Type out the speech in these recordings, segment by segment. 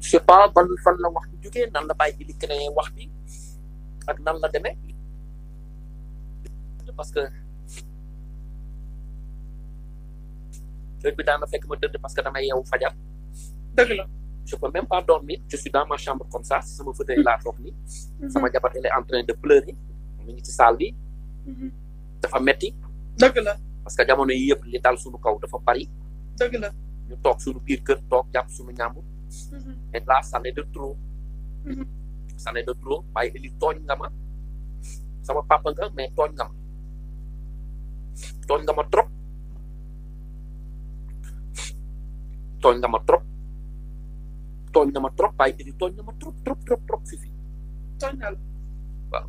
je sais pas ban fan la wax bi jógee nan la bàyyi li créé wax bi ak nan la demee parce que heure bi fekk ma dënd parce que damay yeewu fajar dëgg la je peux même pas dormir je suis dans ma chambre comme ça sama fauteuil laa toog nii mhm. sama jabar elle est en de pleurer mu ngi ci salle bi mhm. dafa metti dëgg la parce que jamono yi yëpp li dal suñu kaw dafa bari dëgg la ñu toog suñu biir kër toog jàpp suñu ñàmbur Mm-hmm. Et là, c'en est de Mm-hmm. C'en est true trop. Bay ton gama ah. Sama papa nga main ton gama ton gama truk ton gama truk ton gama truk baik nga ton gama truk truk truk truk ma trop trop trop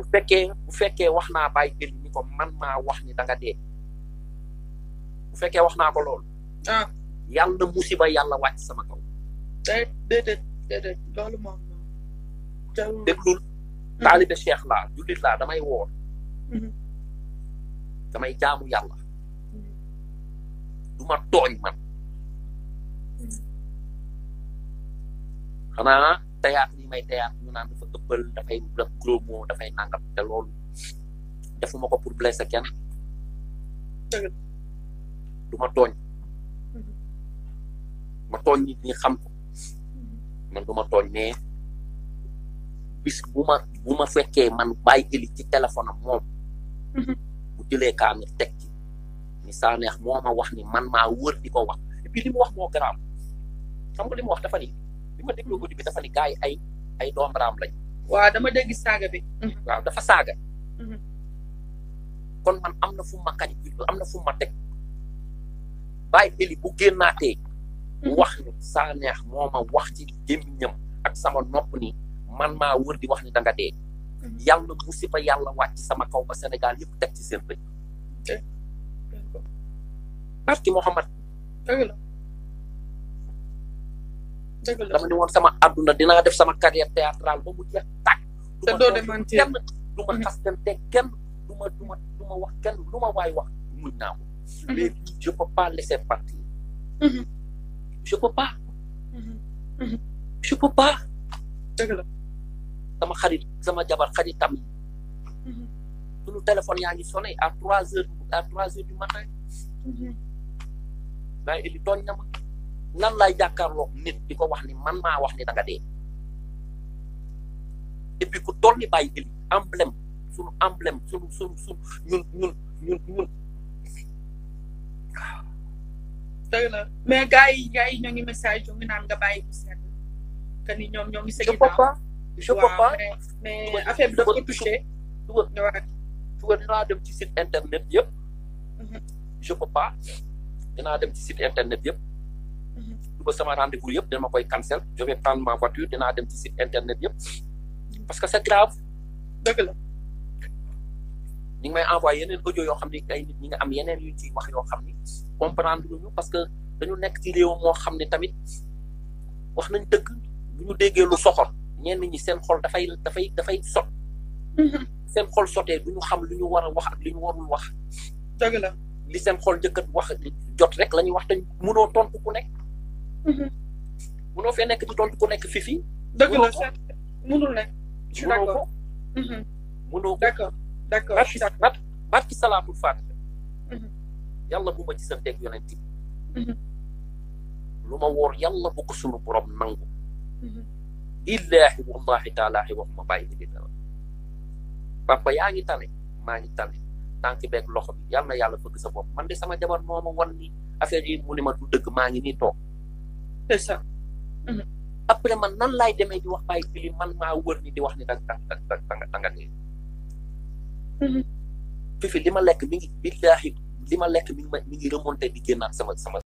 bu fekkee bu fekkee wax naa bay ili ni ko man ma wax ni da nga dee. Bu wax ko lol Ah. yàlla na musiba yàlla wàcc sama kaw. déedéet déedéet loolu moom moom. déglul taalibe jullit laa damay woor. Mhm. damay jaamu yàlla. Mhm. du ma tooñ man. xanaa tayaat ni may tayaat ñu naan dafa ëppal dafay def gros mot dafay nangam te loolu defuma ko pour blesser kenn. du ma tooñ. ma togn nit ñi xam ko man duma ma tooñ bis buma buma fekke man bay jeli ci téléphone am moom bu mhm. ka kaamir tek ci ni sa neex moma ma wax ni man ma wër di wax et puis limu wax mo gram xam nga limu wax dafa ni bi ma dégloo guddi bi dafa ni gaay ay ay doom ram lañ wa dama dégg saga bi mhm. wa dafa saga mhm. kon man amna fu ma kañ am fu ma tek bay jëli bu gennate wax ni sa neex moma wax ci gémmiñam ak sama nopp ni man ma wër di wax ni da nga dé yalla bu sifa yalla wacc sama kaw ba Sénégal yépp tek ci seen bëj barki Mouhamad dëgg la dëgg la dama ni woon sama aduna dina def sama carrière théâtrale ba mu jeex tàkk te doo demanti kenn duma ma xastante kenn duma duma duma wax kenn lu way wax muñ na ko mais je peux pas laisser partir je peux pas. je peux pas. dëgg la sama xarit sama jabar xaritam yi. Mm-hmm. suñu téléphone yaa ngi sonné à trois heures à trois heures du matin. waaye mm-hmm. Eli tooñ na ma lan laay jàkkaarloog di ko wax ni man maa wax ni da nga dee. et ku toll ni bàyyi Eli emblème suñu emblème suñu suñu ñun ñun ñun. dëgg la mais gars yi gars yi ñoo ngi message ñu ngi naan nga bàyyi bu sedd que ni ñoom ñoo ngi a ginnaaw je peux pas mais affaire bi daf ko touché dugal dinaa dem ci site internet yëpp je peux pas dem ci site internet yëpp duba sama rendez-vous yëpp dama koy cancel je vais prendre ma voiture dinaa dem ci site internet yëpp parce que c'est grave dëgg la ñi ngi may envoyé yeneen audio yoo xam ne ay nit ñi am yenen yu ciy wax yoo xam ni comprendre luñu parce que dañu nekk ci réew moo xam ne tamit wax nañ dëgg bu ñu déggee lu soxor ñenn ñi seen xol dafay dafay dafay sot mhm. seen xol sotee du ñu xam lu ñu war a wax ak li ñu warul wax dëgg la li seen xol njëkkat wax jot rek la ñuy wax te mënoo tontu ku nekk mhm. mënoo fee nekk di tontu ku nekk fii fii dëgg la mënul nekk mënoo ko mhm. mënoo ko d'accord d'accord barki salaatul yalla buma ci sante ak yonent bi luma wor yalla bu ko sunu borom nangu illahi wallahi ta'ala waxuma bàyyi ni di dara papa yaangi ngi tane maa ngi tane tànk beeg loxo bi yalla yalla bëgg sa bop man de sama jabar moma won ni affaire yi mu ne ma du deug maangi ni tok c'est ça après man nan lay démé di wax bàyyi fili man ma wër ni di wax ni tak tak tak tak tak tak dee fi fi lima lek mi ngi billahi li ma lekk mi ngi ma mi ngi remonté di génnaat sama sama